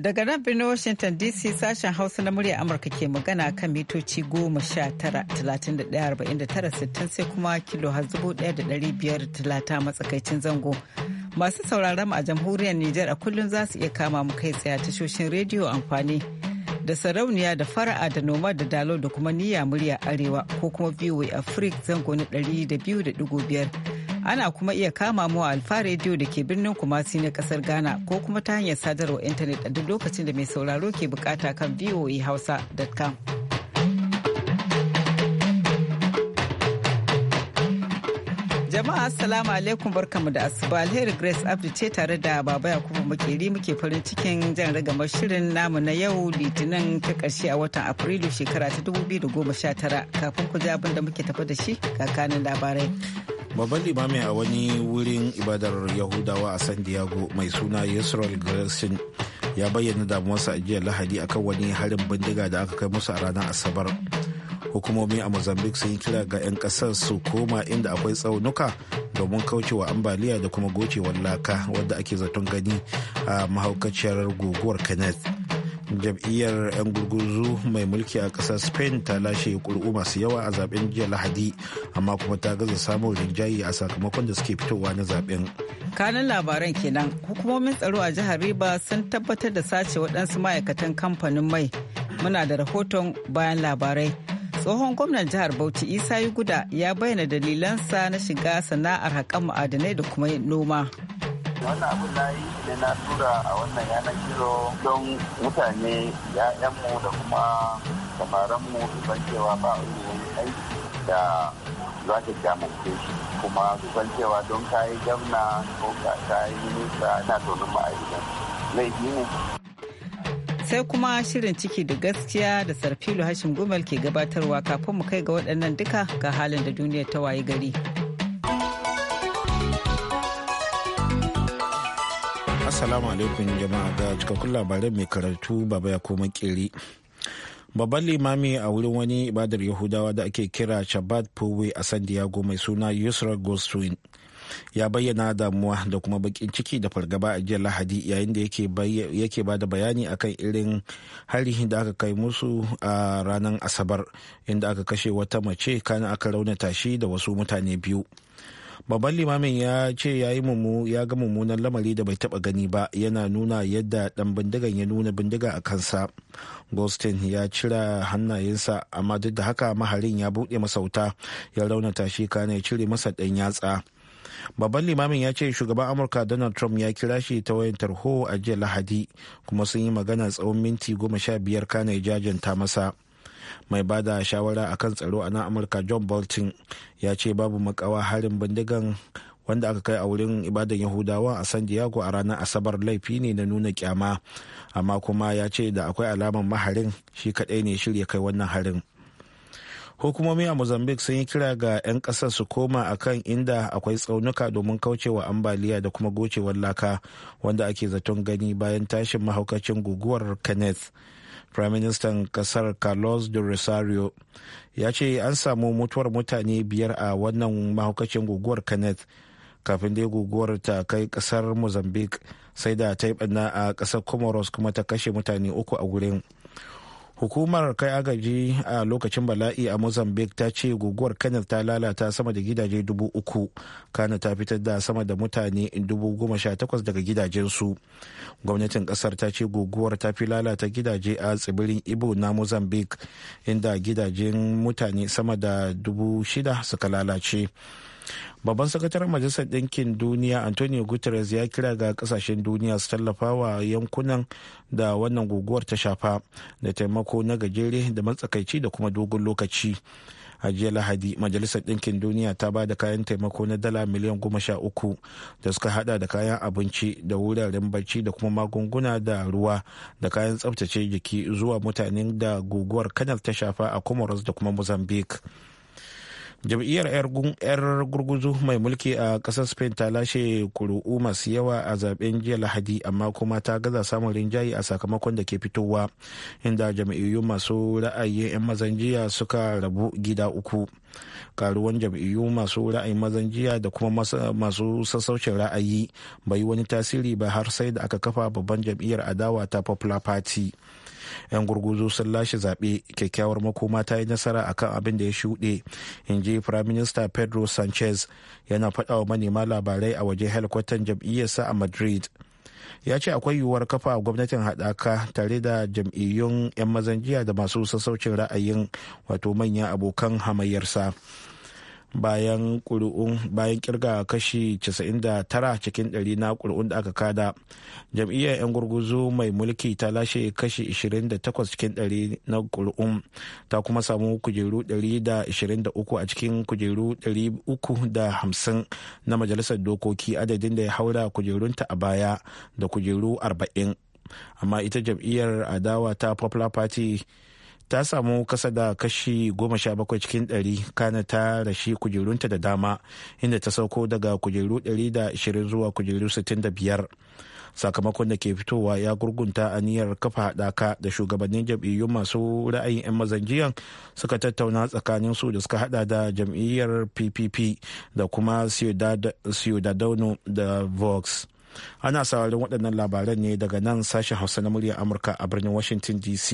Daga nan birnin Washington DC sashen Hausa na murya Amurka ke magana kan mitoci goma sha tara talatin da da tara sittin sai kuma kilo har zubo ɗaya da ɗari matsakaicin zango. Masu sauraron mu a jamhuriyar Nijar a kullum za su iya kama mu kai tsaye tashoshin rediyo amfani da sarauniya da fara'a da noma da dalo da kuma niyya murya arewa ko kuma VOA Africa zango na ɗari Ana kuma iya kama mu a Alfa Radio da ke birnin Kumasi na kasar Ghana ko kuma ta hanyar sadarwa intanet a duk lokacin da mai sauraro ke bukata kan voahausa.com. Jama'a assalamu alaikum barkamu da asuba alheri Grace Abdi ce tare da Baba Yakubu Makeri muke farin cikin jan ragamar shirin namu na yau Litinin ta karshe a watan Afrilu shekara ta 2019 kafin ku ji da muke tafi da shi kakanin labarai. Babban limami a wani wurin ibadar Yahudawa a San Diego mai suna Yisrael Gerson ya bayyana damuwarsa a jiya Lahadi akan wani harin bindiga da aka kai musu a ranar Asabar. hukumomi a mozambique sun yi kira ga 'yan kasar su koma inda akwai tsaunuka domin kaucewa ambaliya da kuma gocewar laka wadda ake zaton gani a mahaukaciyar guguwar kenneth jam'iyyar 'yan gurguzu mai mulki a ƙasar spain ta lashe ƙuri'u masu yawa a zaben jiya lahadi amma kuma ta gaza samun rinjaye a sakamakon da suke fitowa na zaben kanan labaran kenan hukumomin tsaro a jihar riba sun tabbatar da sace waɗansu ma'aikatan kamfanin mai muna da rahoton bayan labarai tsohon gwamnan jihar bauchi isa guda ya bayyana dalilansa na shiga sana'ar haƙan ma'adanai da kuma noma wannan abin na yi ne na tura a wannan yanar gizo don mutane ya'yanmu da kuma samaranmu su san cewa ba a aiki da za ta jamance shi kuma su san cewa don kayi gamna ko kayi minista na tonin ma'aikatan laifi ne sai kuma shirin ciki da gaskiya da sarfilo hashim gumal ke gabatarwa kafin mu kai ga waɗannan duka ga halin da duniya ta wayi gari assalamu alaikum jama'a ga cikakkun labaran mai karatu baba ya koma kiri babban limami a wurin wani ibadar yahudawa da ake kira shabbat puwe a san diego mai suna yusra goldstein ya bayyana damuwa da kuma bakin ciki da fargaba a jiya lahadi yayin da yake ba da bayani akan irin hari da aka kai musu a ranar asabar inda aka kashe wata mace kana aka raunata shi da wasu mutane biyu babban limamin ya ce ya yi ya ga mummunan lamari da bai taba gani ba yana nuna yadda dan bindigan ya nuna bindiga a kansa gostin ya cira hannayensa amma duk da haka maharin ya buɗe masauta ya raunata shi kana ya cire masa ɗan yatsa babban limamin ya ce shugaban amurka donald trump ya kira shi ta wayan tarho a jiya lahadi kuma sun yi magana tsawon minti goma sha biyar kana jajin jajanta masa mai bada shawara a kan tsaro a nan amurka john bolton ya ce babu makawa harin bindigan wanda aka kai a wurin ibadan yahudawa a san diego a ranar asabar laifi ne na nuna kyama amma kuma ya ce da akwai alamar maharin shi kadai ne shirya kai wannan harin hukumomi a mozambique sun yi kira ga 'yan kasar su koma a kan inda akwai tsaunuka domin kaucewa ambaliya da kuma gocewar laka wanda ake zaton gani bayan tashin mahaukacin guguwar kenneth prime minister kasar carlos de rosario ya ce an samu mutuwar mutane biyar a wannan mahaukacin guguwar kenneth kafin dai guguwar ta kai kasar mozambique sai da ta yi a kasar comoros kuma ta kashe mutane uku a gurin hukumar kai agaji a lokacin bala'i a mozambique ta ce guguwar kanyar ta lalata sama da gidaje dubu uku kana ta fitar da sama da mutane dubu goma sha takwas daga gidajensu gwamnatin kasar ta ce guguwar ta fi lalata gidaje a tsibirin ibo na mozambique inda gidajen mutane sama da dubu shida suka lalace babban sakataren majalisar ɗinkin duniya antonio guterres ya kira ga ƙasashen duniya su tallafa wa yankunan da wannan guguwar ta shafa da taimako na gajere da matsakaici da kuma dogon lokaci a jiya lahadi majalisar ɗinkin duniya ta ba da kayan taimako na dala miliyan goma sha uku da suka hada da kayan abinci da wuraren barci da kuma magunguna da ruwa da kayan tsabtace jiki zuwa mutanen da guguwar kanal ta shafa a comoros da kuma mozambique jam'iyyar 'yar gurguzu mai mulki a kasar spain ta lashe kuru'u masu yawa a zaben jiya lahadi amma kuma ta gaza samun rinjaye a sakamakon da ke fitowa inda jam'iyyu masu ra'ayin 'yan mazan jiya suka rabu gida uku karuwan jam'iyyu masu ra'ayin mazan jiya da kuma masu sassaucin ra'ayi bai wani tasiri ba har sai da aka kafa babban jam'iyyar adawa ta popular party 'yan gurguzu sun lashe zaɓe kyakkyawar makoma ta yi nasara a kan abin da ya shuɗe in ji prime minister pedro sanchez yana faɗa wa manema labarai a waje helikwatan jam'iyyarsa a madrid ya ce akwai yiwuwar kafa gwamnatin haɗaka tare da jam'iyyun 'yan mazan jiya da masu sassaucin ra'ayin wato manyan abokan hamayyarsa. bayan ƙuri'un bayan kirga kashi 99 cikin 100 na ƙuri'un da aka kada jam'iyyar 'yan gurguzu mai mulki ta lashe kashi 28 cikin 100 na ƙuri'un ta kuma samu kujeru 123 a cikin kujeru 350 na majalisar dokoki adadin da ya haura kujerunta a baya da kujeru 40 amma ita jam'iyyar adawa ta popular party ta samu kasa da kashi goma sha bakwai cikin ɗari kana ta rashi kujerunta da dama inda ta sauko daga kujeru ɗari da ashirin zuwa kujeru sittin da biyar sakamakon da ke fitowa ya gurgunta a niyyar kafa haɗaka da shugabannin jam'iyyun masu ra'ayin 'yan mazan jiya suka tattauna tsakanin su da suka hada da jam'iyyar ppp da kuma ciudadano da vox ana saurin waɗannan labaran ne daga nan sashen hausa na murya amurka a birnin washington dc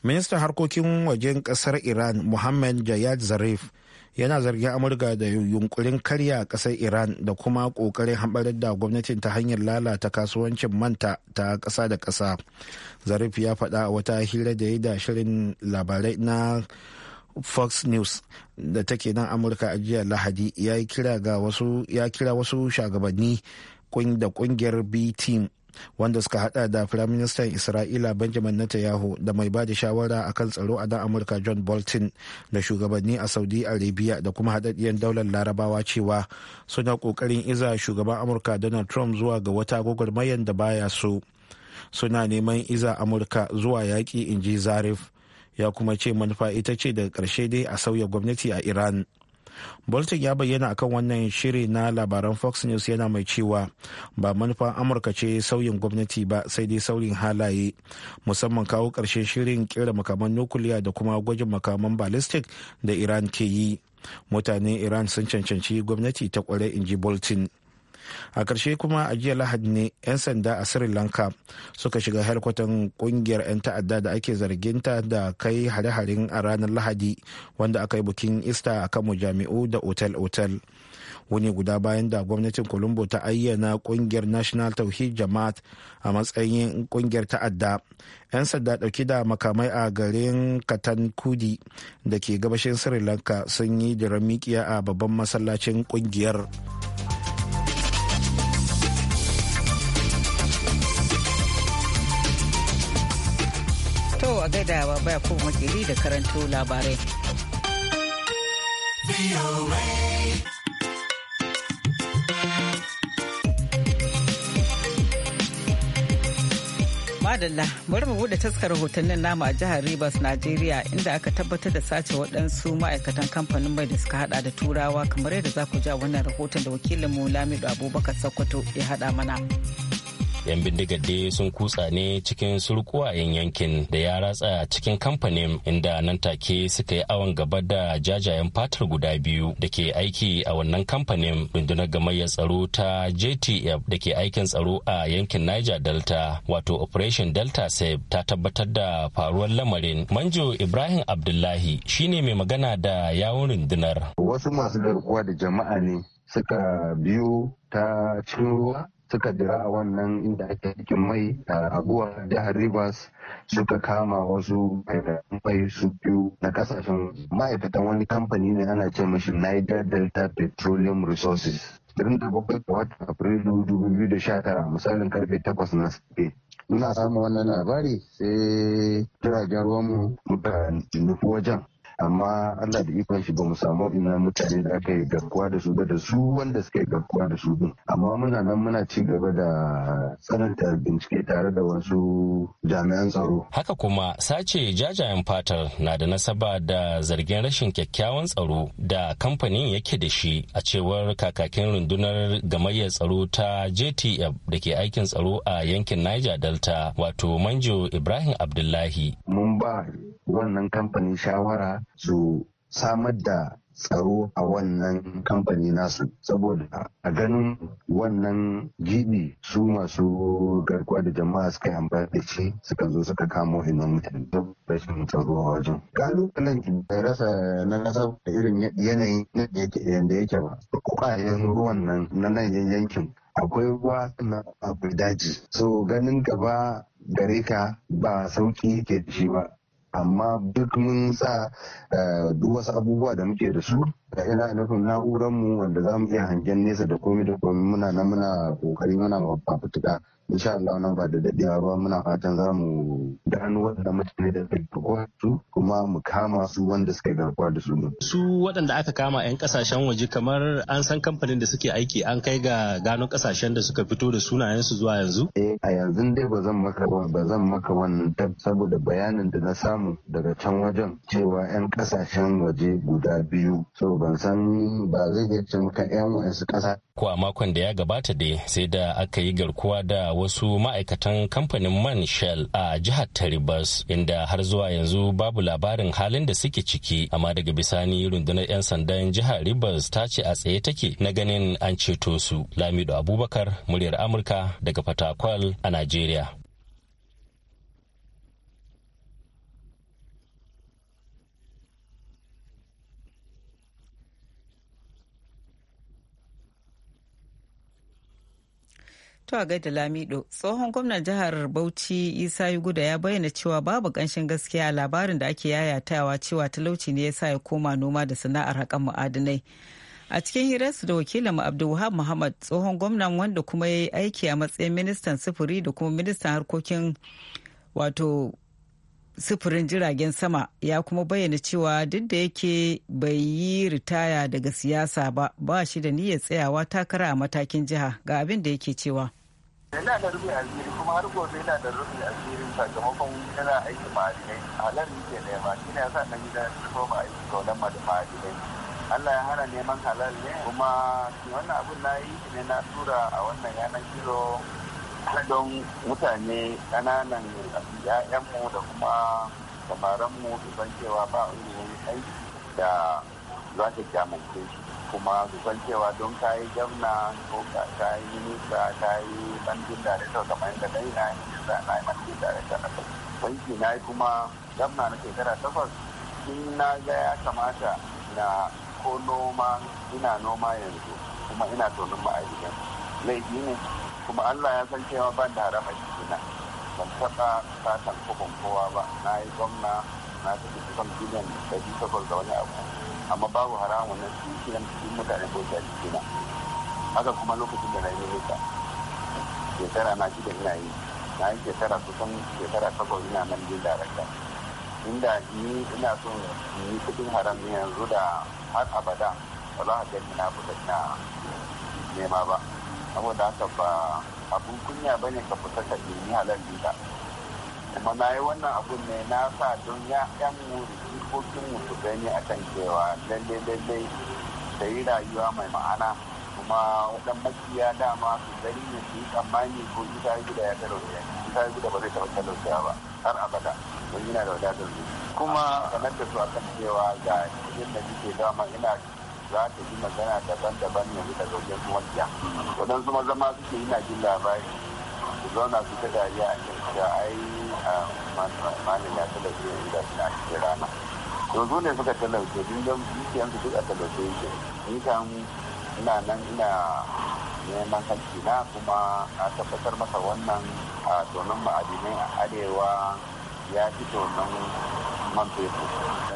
ministan harkokin wajen kasar iran muhammad jayad zarif yana zargin amurka da yunkurin karya kasar iran da kuma kokarin hambarar da gwamnatin ta hanyar lalata kasuwancin manta ta kasa da kasa zarif ya faɗa a wata hira da ya da shirin labarai na fox news da take nan amurka a jiya lahadi ya kira wasu shagabanni da kungiyar b-team wanda suka hada da firaministan isra'ila benjamin netanyahu da mai ba da shawara a kan tsaro a dan amurka john bolton da shugabanni a saudi arabia da kuma haɗaɗɗiyar daular larabawa cewa suna ƙoƙarin iza shugaban amurka donald trump zuwa ga wata gwagwarmayar da baya so suna neman iza amurka zuwa yaƙi in ji zarif ya kuma ce manufa ita ce daga ƙarshe dai a sauya gwamnati a iran bolton ya bayyana akan wannan shiri na labaran fox news yana mai cewa ba manufan amurka ce sauyin gwamnati ba sai dai sauyin halaye musamman kawo ƙarshen shirin kera makaman nukuliya da kuma gwajin makaman ballistic da iran ke yi mutanen iran sun cancanci gwamnati ta kware in ji bolton a ƙarshe kuma a jiya lahadi ne 'yan sanda a sri lanka suka shiga harkwatan ƙungiyar 'yan ta'adda da ake zarginta da kai hare-haren a ranar lahadi wanda aka yi bukin ista a kan jami'u da otel-otel wani guda bayan da gwamnatin colombo ta ayyana ƙungiyar national tauhid jamaat a matsayin ƙungiyar ta'adda 'yan sanda ɗauki da makamai a garin katan kudi da ke gabashin sri lanka sun yi da ramikiya a babban masallacin ƙungiyar. gadawa baya ko makili da karanto labarai. Madalla bari mu bude taskar rahotannin nama a jihar Rivers, Najeriya inda aka tabbatar da sace waɗansu ma'aikatan kamfanin mai da suka hada da turawa kamar yadda za ku ja wannan rahoton da wakilinmu Lamido Abubakar Sokoto ya hada mana. yan bindigar dai sun kutsa ne cikin surkuwayen yankin da ya ratsa cikin kamfanin inda nan take suka yi awon gaba da jajayen fatar guda biyu da ke aiki a wannan kamfanin rundunar gamayyar tsaro ta jtf da ke aikin tsaro a yankin niger delta wato operation delta save ta tabbatar da faruwar lamarin manjo ibrahim abdullahi shine mai magana da yawon rundunar wasu masu garkuwa da jama'a ne suka biyo ta cikin ruwa suka jira a wannan inda ake cikin mai a abuwa jihar rivers suka kama wasu mai su biyu na kasashen ma'aikatan wani kamfani ne ana ce mashi niger delta petroleum resources 27 ga watan afrilu 2019 misalin karfe 8 na safe muna samun wannan labari sai jiragen ruwanmu muka nufi wajen amma Allah da ikon shi ba mu samu ina mutane da aka yi garkuwa da su da su wanda suka yi garkuwa da su din amma muna nan muna ci gaba da tsananta bincike tare da wasu jami'an tsaro haka kuma sace jajayen fatar na da nasaba da zargin rashin kyakkyawan tsaro da kamfanin yake da shi a cewar kakakin rundunar gamayyar tsaro ta JTF da ke aikin tsaro a yankin Niger Delta wato Manjo Ibrahim Abdullahi mun ba wannan kamfanin shawara su samar da tsaro a wannan kamfani nasu saboda a ganin wannan jibi su masu garkuwa da jama'a suka yi amfani da shi suka zo suka kamo hinon mutane don rashin tsaro a wajen kalubalen da rasa na nasa da irin yanayi da yake ba kwayan ruwan nan na nan yankin akwai ruwa na akwai daji so ganin gaba gare ka ba sauki ke da shi ba amma duk mun sa eh, duk wasu abubuwa da muke da su da ina nufin na'urar mu wanda za mu iya hangen nesa da komai da komai muna nan muna kokari muna fafutuka insha Allah nan ba da daɗewa ba muna fatan za mu gano wanda mutane da suka garkuwa su kuma mu kama su wanda suka garkuwa da su. Su waɗanda aka kama 'yan kasashen waje kamar an san kamfanin da suke aiki an kai ga gano kasashen da suka fito da su zuwa yanzu? Eh a yanzu dai ba zan maka ba zan maka wannan tab saboda bayanin da na samu daga can wajen cewa 'yan kasashen waje guda biyu so ban san ba zai iya ce maka 'yan wasu ƙasa. Ko a makon da ya gabata dai sai da aka yi garkuwa da wasu ma'aikatan kamfanin man shell a jihar taribas inda har zuwa yanzu babu labarin halin da suke ciki amma daga bisani rundunar 'yan sandan jihar rivers ta ce a tsaye take na ganin an ceto su lamido abubakar muryar amurka daga fatakwal a najeriya To a gaida Lamido, tsohon gwamnan jihar Bauchi Isa Yuguda ya bayyana cewa babu ƙanshin gaskiya labarin da ake yayatawa cewa talauci ne ya sa ya koma noma da sana'ar haƙan ma'adinai. A cikin hirarsu da wakilin Abdulwahab Muhammad tsohon gwamnan wanda kuma ya yi aiki a matsayin ministan sufuri da kuma ministan harkokin wato sufurin jiragen sama ya kuma bayyana cewa duk da yake bai yi ritaya daga siyasa ba ba shi da niyyar tsayawa takara a matakin jiha ga abin da yake cewa. yana da rufe asiri kuma har gobe yana da rufe asiri sakamakon yana aiki ma'adinai halar yake nema shi ne yasa na gida ya koma aiki kaunan ma'adinai Allah ya hana neman halal ne kuma wannan abun na yi ne na tura a wannan yanar gizo don mutane ƙananan ‘ya'yanmu da kuma samaranmu su san cewa ba wani aiki da za ta kyamance shi kuma su san cewa don ka yi gamna ko ka yi minista ka yi bandin da kyau kamar yadda kai na yi minista na yi bandin da kyau na banki na yi kuma gamna na shekara takwas in na ga ya kamata na ko noma ina noma yanzu kuma ina tonin ma'aikatan laifi ne kuma allah ya san cewa ban da harama jikina ban taɓa satan kubin kowa ba na yi gwamna na tafi kusan biliyan ɗari takwas da wani abu amma babu haramun nan shi nan cikin mutane ko a cikin na haka kuma lokacin da na yi nisa shekara na da ina yi na yi shekara kusan shekara takwas ina nan jin darakta inda ni ina son yi kudin haram ne yanzu da har abada ba za a gani na fita na nema ba saboda haka ba abun kunya bane ka fita ka nemi halal ɗinka kuma yi wannan abu ne na sa don ya yan wuri jikokin su gani a kan cewa lalle lalle da yi rayuwa mai ma'ana kuma wadan makiya dama su gani ne su yi tsammani ko ita gida ya talauta ita gida ba zai taɓa talauta ba har abada don yana da wadatar su kuma sanar da su a kan cewa ga kudin da suke dama ina za ta yi magana daban-daban ya daga zaune su makiya waɗansu maza ma suke yi na jin labari su zauna su ta dariya a cikin da ai malin ya talauce inda suna cikin rana yanzu ne suka talauce din don dukiyansu duk a talauce yake ni kan ina nan ina neman hanci na kuma a tabbatar masa wannan a tonon ma'adinai a arewa ya fi tonon man fetur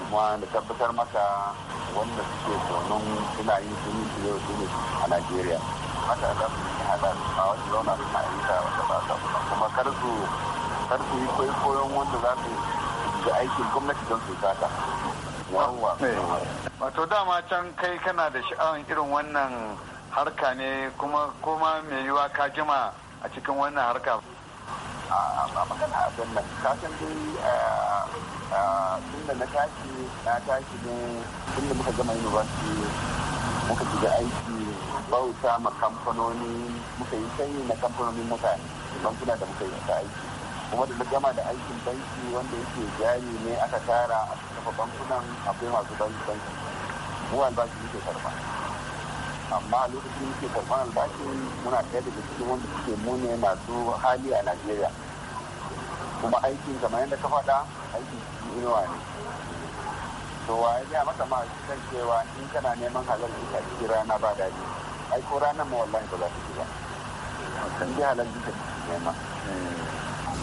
kuma da tabbatar masa wanda suke tonon suna yin sun yi a najeriya haka za su yi a wasu zauna suna aika wata ba kuma kar su kar su yi wanda za su yi aikin gwamnati don su sata wato dama can kai kana da sha'awan irin wannan harka ne kuma mai yiwa ka jima a cikin wannan harka a magana a nan kasan dai tun da na tashi na tashi ne tun da muka gama muka shiga aiki bauta ma kamfanoni muka yi sanyi na kamfanonin mutane bankuna da muka yi ta aiki kuma da gama da aikin banki wanda yake jari ne aka tara a kafa bankunan akwai masu banki banki mu albashi muke karba amma a lokacin muke karban albashi muna ɗaya daga cikin wanda suke mune masu hali a najeriya kuma aikin kamar yadda ka faɗa aikin cikin inuwa ne to wa ya masa ma kan cewa in kana neman halal ka kira na ba daɗi Aiko ko ranar ma wallahi ba za su ci ba kan ji halar duka nema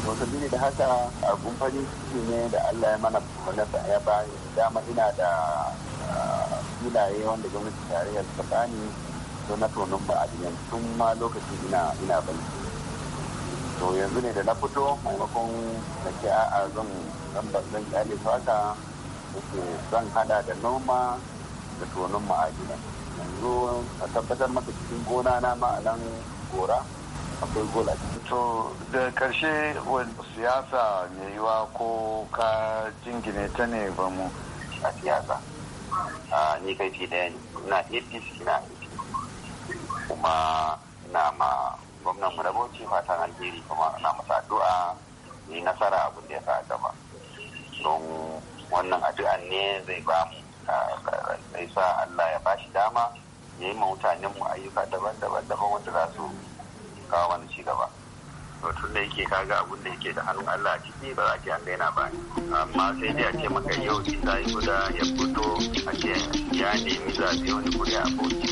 wasu biyu da haka a gumfani su ne da allah ya mana gwamnati ya ba dama ina da ah, filaye wanda gwamnati tarayyar ta bani to na tonon ba a tun ma lokacin ina ina banki to yanzu ne da na fito maimakon da ke a zan zan kyale su haka zan hada da noma da tonon ma'adinai yanzu a tabbatar maka cikin gona na ma'anan gora akwai gola to da karshe siyasa mai yiwa ko ka jingine ta ne ba mu a siyasa ni kai fi ɗaya na apc na kuma na ma gwamnan mu rabauci fatan alheri kuma na masa addu'a ni nasara abin da ya sa gaba don wannan addu'a ne zai ba mu sa Allah ya bashi dama ya yi mutanen mu ayyuka daban-daban daban wanda za su kawo wani ci gaba to tun da yake kaga abun da yake da hannun Allah a ciki ba za ki an daina ba amma sai dai a ce maka yau isa yi guda ya fito a ce ya nemi zaɓe wani kuri a bauchi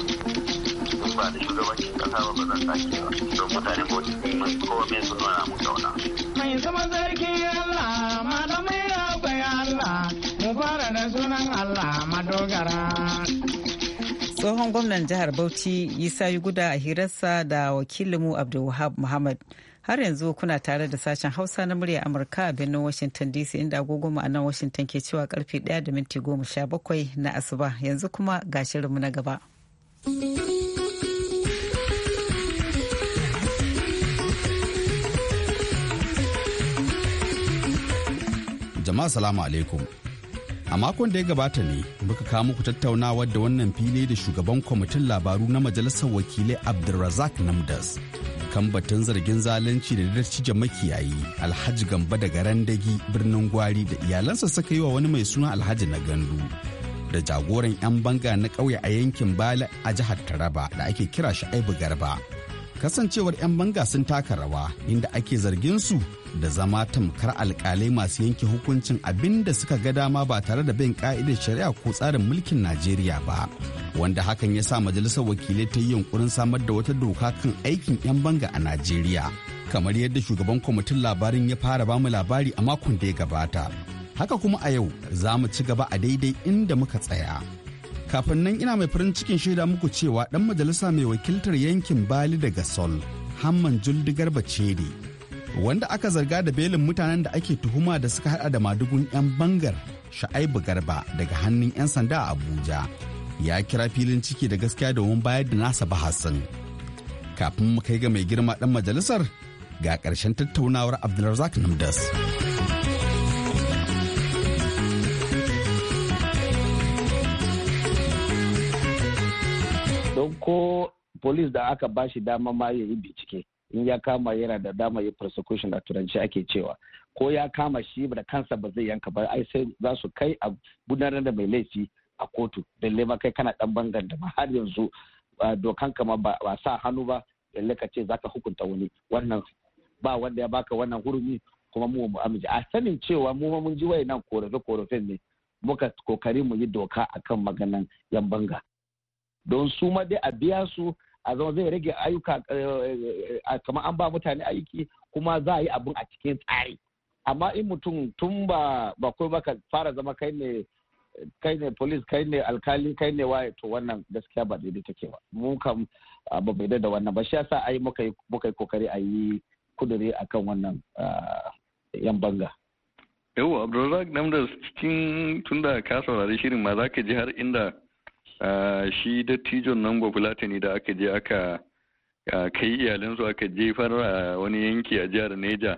in ba da shugabancin kasa ba ba zan sake ba to mutane bauchi sun komai sun nuna mu zauna. mai zama zarki Allah malamai da Allah madogara. Tsohon gwamnan jihar Bauchi Isa Yuguda a hirarsa da wakilinmu Abdulwahab Muhammad. Har yanzu kuna tare da sashen Hausa na murya Amurka a birnin Washington DC inda agogo a nan Washington ke cewa karfe 1 da minti 17 na asuba yanzu kuma ga shirinmu na gaba. Jama'a salamu alaikum. a makon da ya gabata ne muka kawo muku tattaunawa da wannan fili da shugaban kwamitin labaru na majalisar wakilai abdulrazak namdas kan batun zargin zalunci da da makiyayi alhaji gamba da garandagi birnin gwari da iyalansa suka yi wa wani mai suna alhaji na gandu da jagoran 'yan banga na ƙauye a yankin bala a jihar taraba da ake kira shi aibu garba kasancewar 'yan banga sun taka rawa inda ake zargin su da zama tamkar alkalai masu yanke hukuncin abin da suka ga dama ba tare da bin ka'idar shari'a ko tsarin mulkin najeriya ba wanda hakan ya sa majalisar wakilai ta yi yunkurin samar da wata doka kan aikin 'yan banga a najeriya kamar yadda shugaban kwamitin labarin ya fara bamu labari a makon da ya gabata haka kuma a yau za mu ci gaba a daidai inda muka tsaya kafin nan ina mai farin cikin shaida muku cewa dan majalisa mai wakiltar yankin bali daga sol hamman juldigar baceri wanda aka zarga da belin mutanen da ake tuhuma da suka hada da madugun 'yan bangar sha'aibu garba daga hannun 'yan sanda a abuja ya kira filin ciki da gaskiya domin bayar da nasa bahasin kafin mu kai ga mai girma dan majalisar ga ƙarshen tattaunawar abdulrazak namdas. ko police da aka ba shi dama ma ya yi bincike in ya kama yana da dama ya prosecution a turanci ake cewa ko ya kama shi da kansa ba zai yanka ba ai sai za su kai a gudanar da mai laifi a kotu da ma kai kana dan bangan da har yanzu dokan kama ba sa hannu ba lalle ka ce zaka hukunta wani wannan ba wanda ya baka wannan hurumi kuma mu mu amince a sanin cewa mu mun ji wayannan korafe korafe ne muka kokari mu yi doka akan maganan yan banga don su ma dai a biya su a zama zai rage ayyuka eh, eh, kamar an ba mutane aiki kuma za a yi abin a cikin tsari amma in mutum tun ba ba kai fara zama kai ne kai ne police kai ne alkali kai ne waye to wannan gaskiya ba daidai take ba mu kam ba bai da wannan ba shi yasa ai muka yi muka yi kokari a yi kudure akan wannan yan banga yau Abdullahi, cikin tunda ka saurari shirin ma zaka ji har inda shi dattijon nan ne da aka je aka kai iyalansu aka jefar a wani yanki a jihar neja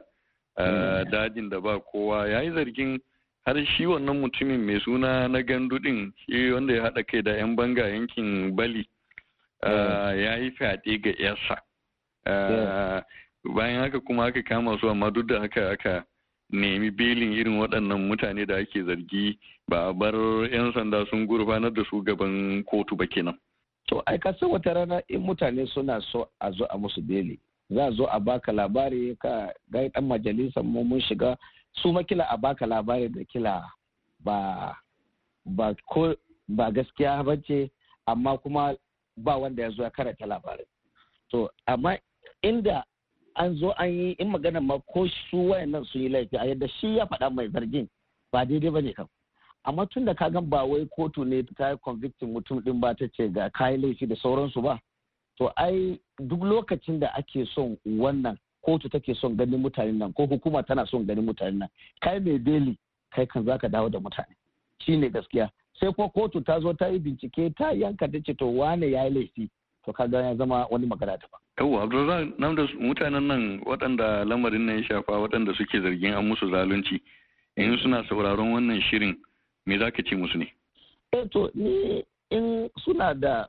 hmm. dajin da ba kowa ya yi zargin har shi wannan mutumin mai suna na gandu shi wanda ya haɗa kai da 'yan banga yankin bali hmm. ya yi fyaɗe ga 'yarsa bayan haka kuma aka kama su amma duk da haka aka nemi belin irin waɗannan mutane da ake zargi ba a bar 'yan sanda sun gurfanar da su gaban kotu ba kenan. To ai wata rana in mutane suna so a zo a musu beli za a zo a baka labari ka gai dan majalisar mu mun shiga su makila a baka labari da kila ba ba ko ba gaskiya ba ce amma kuma ba wanda ya zo ya karanta labarin. To amma inda an zo an yi in magana ma ko su wayannan su yi laifi a yadda shi ya faɗa mai zargin ba daidai ba ne kan. amma tun da kagan ba wai kotu ne ta yi convictin mutum din ba ta ce ga kayi laifi da sauransu ba to ai duk lokacin da ake son wannan kotu take son ganin mutanen nan ko hukuma tana son ganin mutanen nan kai mai beli kai kan zaka dawo da mutane shine gaskiya sai ko kotu ta zo ta yi bincike ta yanka ta ce to wane ya yi laifi to kaga ya zama wani magana ta ba. Yau Abdulrazak nan da mutanen nan waɗanda lamarin nan ya shafa waɗanda suke zargin an musu zalunci in suna sauraron wannan shirin me za ka ce musu ne? Eh to ni in suna da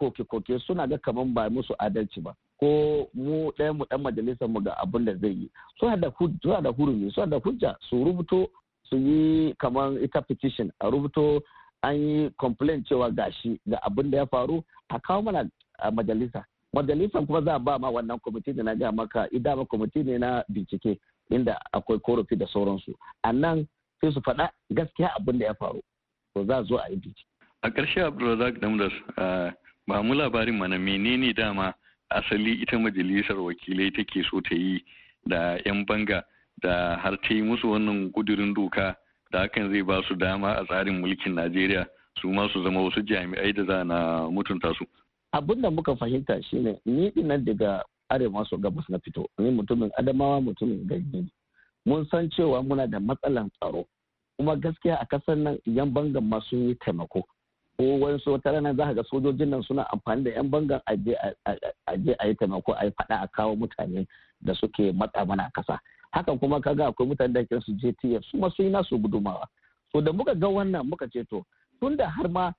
koke-koke suna ga kaman ba musu adalci ba ko mu ɗaya mu ɗan majalisar mu ga abin da zai yi suna da suna da hurumi suna da hujja su rubuto su yi kaman ita petition a rubuto an yi complain cewa gashi ga abin da ya faru a kawo mana a majalisa majalisan kuma za a ba ma wannan kwamiti da na ga maka idama kwamiti ne na bincike inda akwai korafi da sauransu a nan sai su faɗa gaskiya abin da ya faru to za zo a yi bincike a ƙarshe abdulrazak damdas ba mu labarin mana menene dama asali ita majalisar wakilai take so ta yi da 'yan banga da har ta yi musu wannan kudurin doka da hakan zai ba su dama a tsarin mulkin najeriya su ma su zama wasu jami'ai da za na mutunta su abin da muka fahimta shine ni dinan daga arewa maso gabas na fito ni mutumin adamawa mutumin gari mun san cewa muna da matsalan tsaro kuma gaskiya a kasar nan yan bangan ma sun yi taimako ko wani so wata rana za ka ga sojojin nan suna amfani da yan bangan aje a yi taimako a yi faɗa a kawo mutane da suke matsa mana kasa Haka kuma ka ga akwai mutane da ke su JTF su ma sun yi nasu gudumawa to da muka ga wannan muka ce to tun da har ma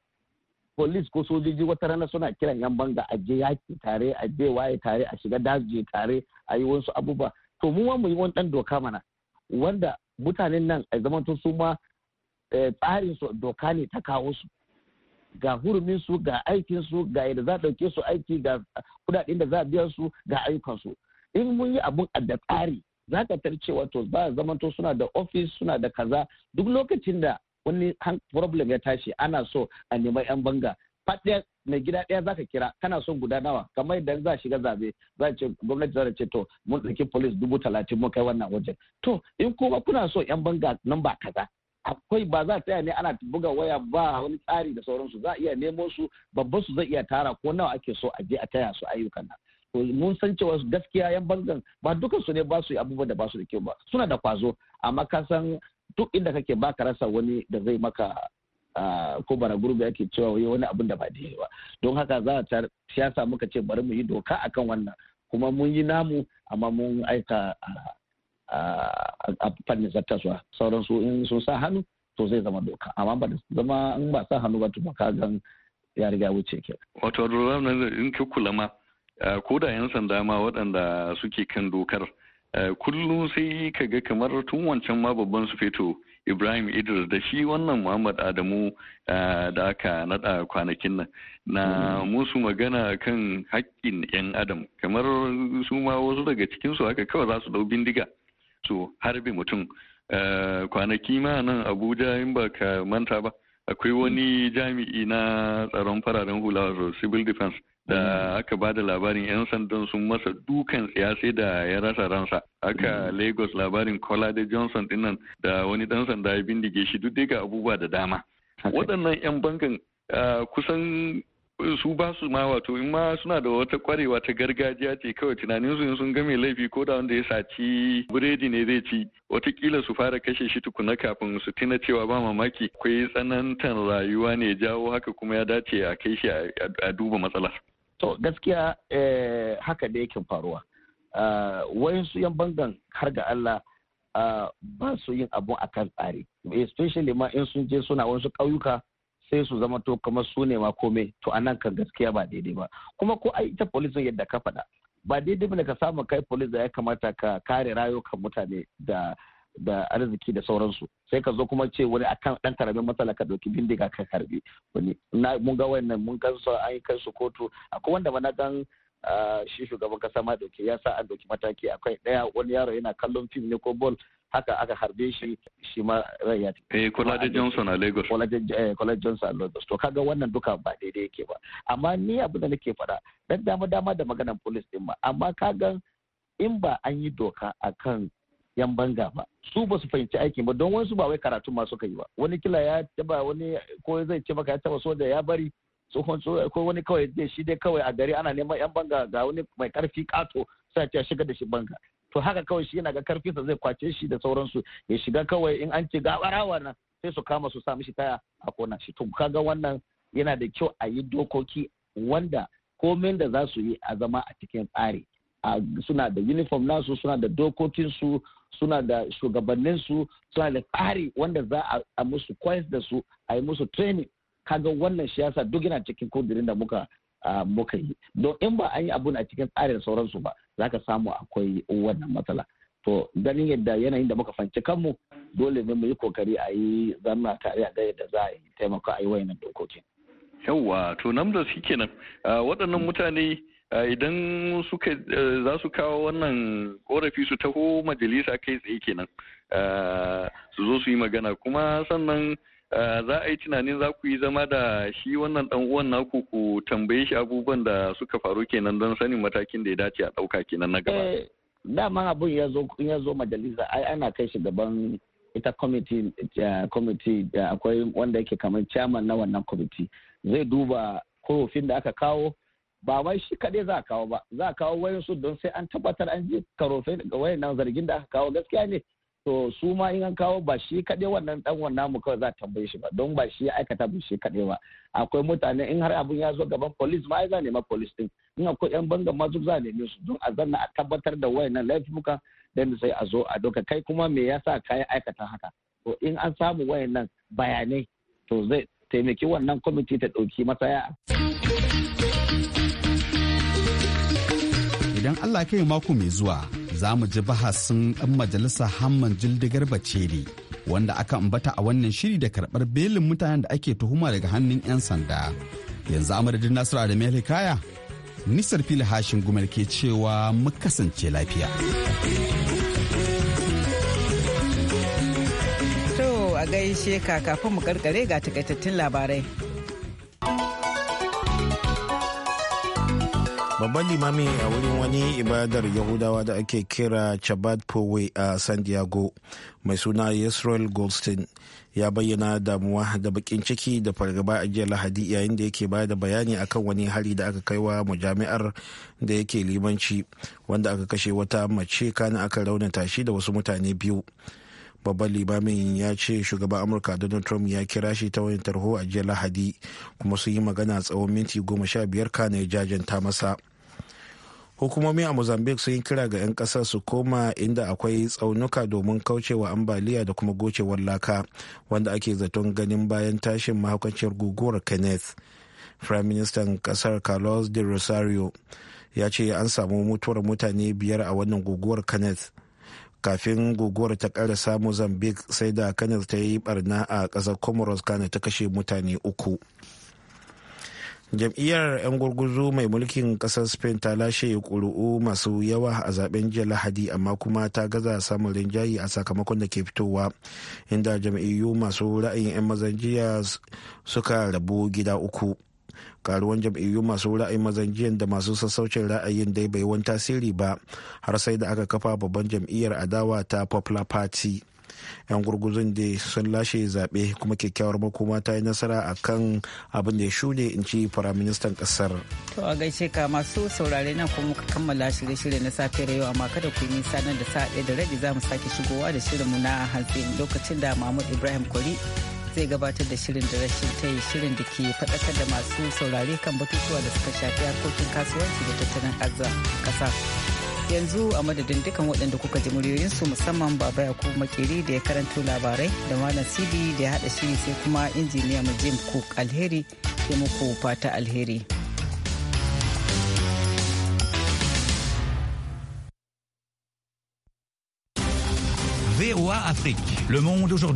police ko sojoji wata rana suna kiran yan banga a je yaki tare a je waye tare a shiga daji tare a yi wasu abubuwa to mu mu yi wani dan doka mana wanda mutanen nan a zamanto su ma eh, tsarin su doka ne ta kawo su ga hurumin su ga aikin su ga yadda za dauke su aiki ga kudaden da za a biyan su ga ayyukan su in mun yi abun da tsari za ka tar wato to ba zamanto suna da ofis suna da kaza duk lokacin da wani problem ya tashi ana so a nema yan banga faɗiyar mai gida ɗaya zaka kira kana son guda nawa kamar idan za shiga zabe za ce gwamnati za ce to mun ɗauki police dubu talatin mun kai wannan wajen to in kuma kuna so yan banga nan ba kaza akwai ba za ta ne ana buga waya ba wani tsari da sauransu za a iya nemo su babban su zai iya tara ko nawa ake so a je a taya su ayyukan nan mun san cewa gaskiya yan bangan ba dukansu ne ba su yi abubuwan da ba su da kyau ba suna da kwazo amma ka duk inda kake baka rasa wani da zai maka ko bara gurbi ake cewa wai wani abun da ba daidai ba don haka za a siyasa muka ce bari mu yi doka akan wannan kuma mun yi namu amma mun aika a fannin zattaswa sauran su in sun sa hannu to zai zama doka amma ba zama in ba sa hannu ba to ka gan ya riga wuce ke wato da in kula ma ko da yan sanda ma waɗanda suke kan dokar Eh, kullum sai ka ga kamar tun wancan ma babban su feto ibrahim idris da shi wannan muhammad adamu eh, da aka nada kwanakin nan na mm. musu magana kan haƙƙin 'yan adam kamar su ma wasu daga cikinsu haka kawai za su dau bindiga su harbe mutum eh, kwanaki ma nan abuja in ba ka manta ba akwai wani mm. jami'i na tsaron fararen hula civil defense da aka bada labarin 'yan sandan sun masa dukan siyasai da ya rasa ransa aka mm. lagos labarin kolade johnson dinnan da wani dan sanda ya bindige shi duk dai ga abubuwa da dama waɗannan 'yan bankan kusan su ba su ma wato in ma suna da wata kwarewa ta gargajiya ce kawai tunanin su sun game laifi ko da wanda ya saci biredi ne zai ci watakila su fara kashe shi tukuna kafin su tuna cewa ba mamaki akwai tsanantan rayuwa ne jawo haka kuma ya dace a kai shi a duba matsalar. To gaskiya eh, haka da yake faruwa. Eh, su yan bangan har ga Allah eh, ba su yin abun a kan tsari. Especially ma in sun je suna wasu ƙauyuka sai su zama to kamar su ne ma komai to a nan kan gaskiya ba daidai ba. Kuma ko a ita police yadda ka faɗa. Ba daidai ba ne ka samu kai police da ya kamata ka kare rayukan mutane da da arziki da sauransu sai ka zo kuma ce wani akan dan karamin matsala ka dauki bindiga ka karbi wani na mun ga wannan mun gan su an kai su kotu akwai wanda ba na gan shi shugaban kasa ma dauki ya sa an dauki mataki akwai daya wani yaro yana kallon fim ne ko ball haka aka harbe shi shi ma rai ya eh Kolaje Johnson a Lagos Kolaje eh, Johnson a Lagos to kaga wannan duka ba daidai yake ba amma ni abin da nake faɗa dan dama dama da maganan police din ma amma kaga in ba an yi doka akan yan banga ba su ba su fahimci aikin ba don wasu ba wai karatu ma suka yi ba wani kila ya taba wani ko zai ce maka ya taba soja ya bari tsohon ko wani kawai shi dai kawai a gari ana neman yan banga ga wani mai karfi kato sai a shiga da shi banga to haka kawai shi yana ga sa zai kwace shi da sauransu ya shiga kawai in an ce ga barawa nan sai su kama su sa mishi taya a kona shi to kaga wannan yana da kyau a yi dokoki wanda komen da za su yi a zama a cikin tsari suna da uniform nasu suna da dokokinsu suna da shugabannin su suna da tsari wanda za a musu koyas da su a yi musu training kaga wannan siyasa duk yana cikin kudirin da muka muka yi don in ba an yi abun a cikin tsarin sauransu ba za ka samu akwai wannan matsala to ganin yadda yanayin da muka fanci kanmu dole ne mu yi kokari a yi zanna tare a daya da za a yi taimaka a yi wayannan dokokin yawwa to nan da shi kenan waɗannan mutane Eh, idan suka eh, za su kawo wannan korafi su taho majalisa kai tsaye kenan eh, su zo su yi magana kuma sannan za a yi tunanin za ku yi zama da shi wannan dan uwan naku ku tambaye shi abubuwan da suka faru kenan don sanin matakin da ya dace a dauka kenan na gaba. dama abun ya zo in ya zo majalisa ai ana kai shi gaban ita kwamiti kwamiti akwai wanda yake kamar chairman na wannan kwamiti zai duba korofin da aka kawo ba wai shi kaɗai za a kawo ba za a kawo su don sai an tabbatar an ji karofe daga wayannan zargin da aka kawo gaskiya ne to su ma in an kawo ba shi kaɗai wannan dan wannan mu kawai za a tambaye shi ba don ba shi ya aikata ba shi kaɗai ba akwai mutane in har abin ya zo gaban polis ma ai za a nema polis din in akwai yan banga ma duk za a neme su don a zanna a tabbatar da wayannan laifuka dan sai a zo a doka kai kuma me yasa kai aikata haka to in an samu wayannan bayanai to zai taimaki wannan kwamiti ta ɗauki masaya. idan Allah kai mako mai zuwa za mu ji bahasin ɗan majalisa Hamman Jildigar Baceri wanda aka ambata a wannan shiri da karɓar belin mutanen da ake tuhuma daga hannun 'yan sanda. Yanzu amadadin Nasiru Adamu Kaya, Nisar Fili Hashin Gumel ke cewa mu kasance lafiya. To a gaishe ka kafin mu karkare ga takaitattun labarai. babban limami a wurin wani ibadar yahudawa da ake kira chabad powe a san diego mai suna yisrael goldstein ya bayyana damuwa da bakin ciki da fargaba a jiya lahadi yayin da yake ba da bayani akan wani hari da aka kai wa mujami'ar da yake limanci wanda aka kashe wata mace kana aka raunata shi da wasu mutane biyu babban limamin ya ce shugaban amurka donald trump ya kira shi ta wani tarho a jiya lahadi kuma sun yi magana tsawon minti goma sha biyar kana ya jajanta masa hukumomi a mozambique sun yi kira ga 'yan kasar su koma inda akwai tsaunuka domin kaucewa ambaliya da kuma gocewar laka wanda ake zaton ganin bayan tashin mahaukaciyar guguwar kenneth prime minister kasar carlos de rosario ya ce an samu mutuwar mutane biyar a wannan guguwar kenneth kafin guguwar ta kara samu mozambique sai da kanar ta yi barna a ƙasar comoros kana ta kashe mutane uku jam'iyyar 'yan gurguzu mai mulkin kasar spain ta lashe ƙuri'u masu yawa a zaben jiya lahadi amma kuma ta gaza samun rinjaye a sakamakon da ke fitowa inda jam'iyyu masu ra'ayin 'yan mazan jiya suka rabu gida uku karuwan jam'iyyu masu ra'ayin mazan jiya da masu sassaucin ra'ayin dai bai wani tasiri ba har sai da aka kafa babban jam'iyyar adawa ta popular party yan gurguzun da sun lashe zaɓe kuma kyakkyawar makoma ta yi nasara a kan abin da ya shuɗe in ci firaministan ƙasar. to a gaishe ka masu saurare na kuma muka kammala shirye-shirye na safiyar yau amma kada ku yi nisa nan da sa'a da rabi za mu sake shigowa da shirinmu na hantsi lokacin da mahmud ibrahim kwari zai gabatar da shirin da rashin ta yi shirin da ke faɗakar da masu saurare kan batutuwa da suka shafi harkokin kasuwanci da tattalin arzikin ƙasa. Yanzu a madadin dukkan waɗanda kuka ji muryoyinsu musamman Baba ya ko Makeri da ya karanto labarai da Malam Sidi da ya haɗa shiri sai kuma injiniya mu Jim Cook Alheri ke muku fata alheri. VOA Afrique. Le monde aujourd'hui.